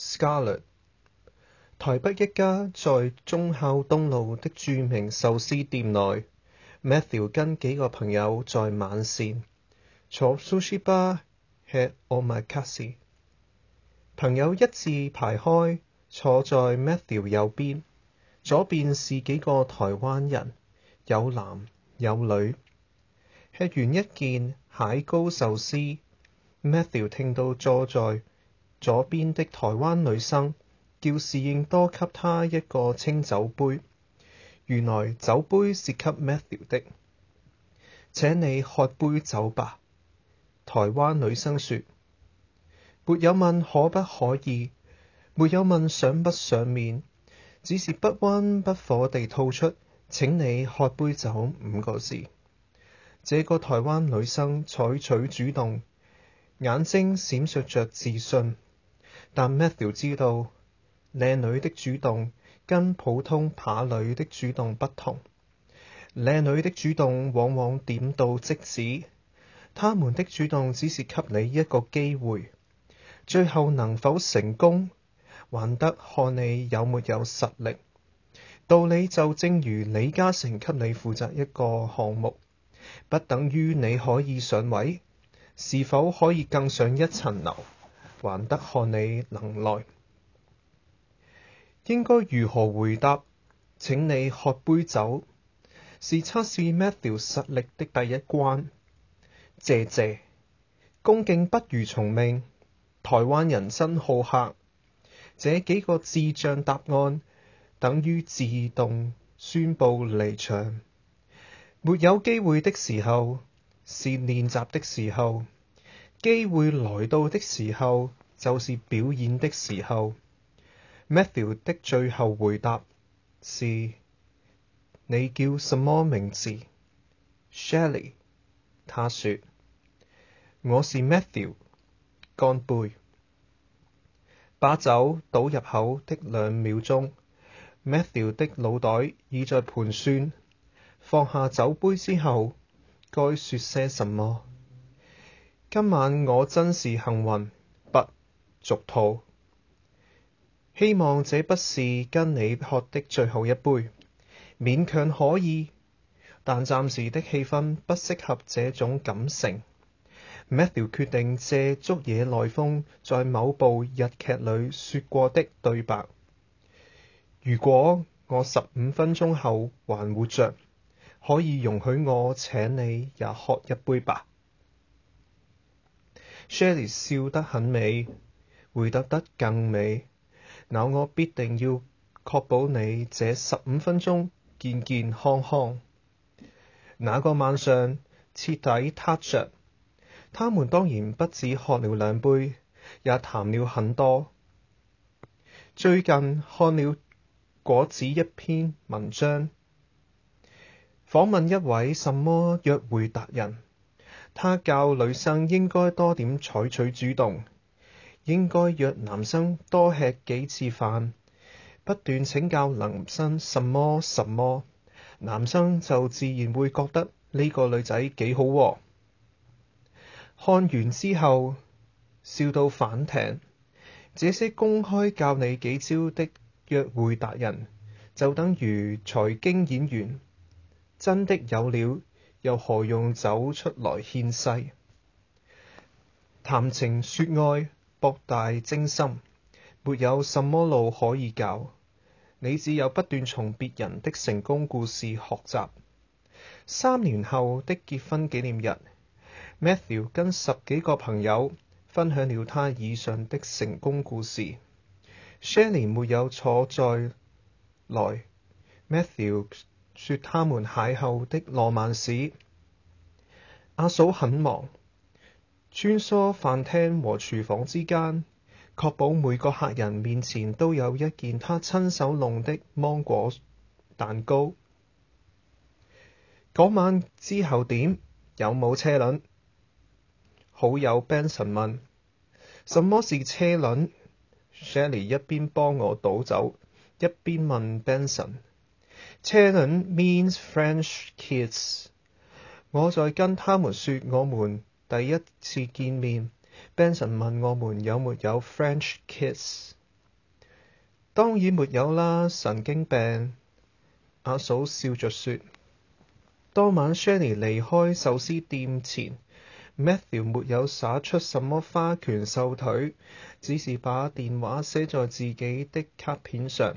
Scarlett。Scar 台北一家在忠孝東路的著名壽司店內，Matthew 跟幾個朋友在晚膳，坐 sushi bar 吃 omakase。朋友一字排開，坐在 Matthew 右邊，左邊是幾個台灣人，有男有女。吃完一件蟹膏壽司，Matthew 聽到坐在左邊的台灣女生叫侍應多給她一個清酒杯。原來酒杯是給 Matthew 的。請你喝杯酒吧，台灣女生說。沒有問可不可以，沒有問想不想面，只是不溫不火地吐出「請你喝杯酒」五個字。這個台灣女生採取主動，眼睛閃爍着自信。但 Matthew 知道，靚女的主動跟普通扒女的主動不同。靚女的主動往往點到即止，他們的主動只是給你一個機會。最後能否成功，還得看你有沒有實力。道理就正如李嘉誠給你負責一個項目，不等於你可以上位，是否可以更上一層樓？還得看你能耐，應該如何回答？請你喝杯酒，是測試 Matthew 實力的第一關。謝謝，恭敬不如從命。台灣人真好客，這幾個智障答案等於自動宣布離場。沒有機會的時候，是練習的時候。機會來到的時候，就是表演的時候。Matthew 的最後回答是：你叫什麼名字？Shelly。Shelley，他說：我是 Matthew。乾杯。把酒倒入口的兩秒鐘，Matthew 的腦袋已在盤算：放下酒杯之後，該說些什麼？今晚我真是幸運，不俗套。希望這不是跟你喝的最後一杯，勉強可以，但暫時的氣氛不適合這種感性。Matthew 決定借竹野內豐在某部日劇裏説過的對白：如果我十五分鐘後還活着，可以容許我請你也喝一杯吧。Scarlett 笑得很美，回答得更美。那我必定要確保你這十五分鐘健健康康。那個晚上徹底撻著。他們當然不止喝了兩杯，也談了很多。最近看了果子一篇文章，訪問一位什麼約會達人。他教女生應該多點採取主動，應該約男生多吃幾次飯，不斷請教男生什麼什麼，男生就自然會覺得呢個女仔幾好，啊。看完之後笑到反艇，這些公開教你幾招的約會達人，就等於財經演員，真的有料。又何用走出來獻世？談情説愛，博大精深，沒有什麼路可以教，你只有不斷從別人的成功故事學習。三年後的結婚紀念日，Matthew 跟十幾個朋友分享了他以上的成功故事。Scarlett 沒有坐在內，Matthew。說他們邂逅的羅曼史。阿嫂很忙，穿梭飯廳和廚房之間，確保每個客人面前都有一件她親手弄的芒果蛋糕。嗰 晚之後點？有冇車輪？好友 Benson 問：什麼是車輪？Scarlett 一邊幫我倒酒，一邊問 Benson。車輪 means French kiss。我在跟他們說我們第一次見面。Benson 問我們有沒有 French kiss。當然沒有啦，神經病。阿嫂笑着說：當晚 Shanny 離開壽司店前，Matthew 沒有耍出什麼花拳繡腿，只是把電話寫在自己的卡片上。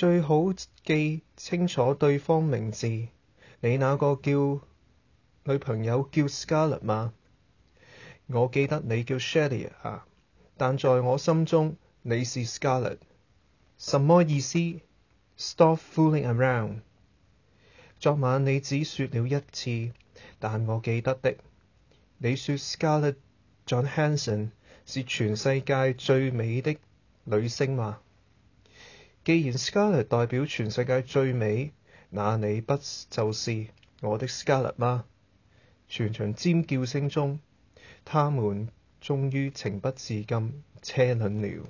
最好記清楚對方名字。你那個叫女朋友叫 Scarlett 嗎？我記得你叫 Shelly 啊，但在我心中你是 Scarlett。什麼意思？Stop fooling around。昨晚你只說了一次，但我記得的。你說 Scarlett Johansson 是全世界最美的女星嗎？既然 Scarlett 代表全世界最美，那你不就是我的 Scarlett 嗎？全場尖叫聲中，他們終於情不自禁車輪了。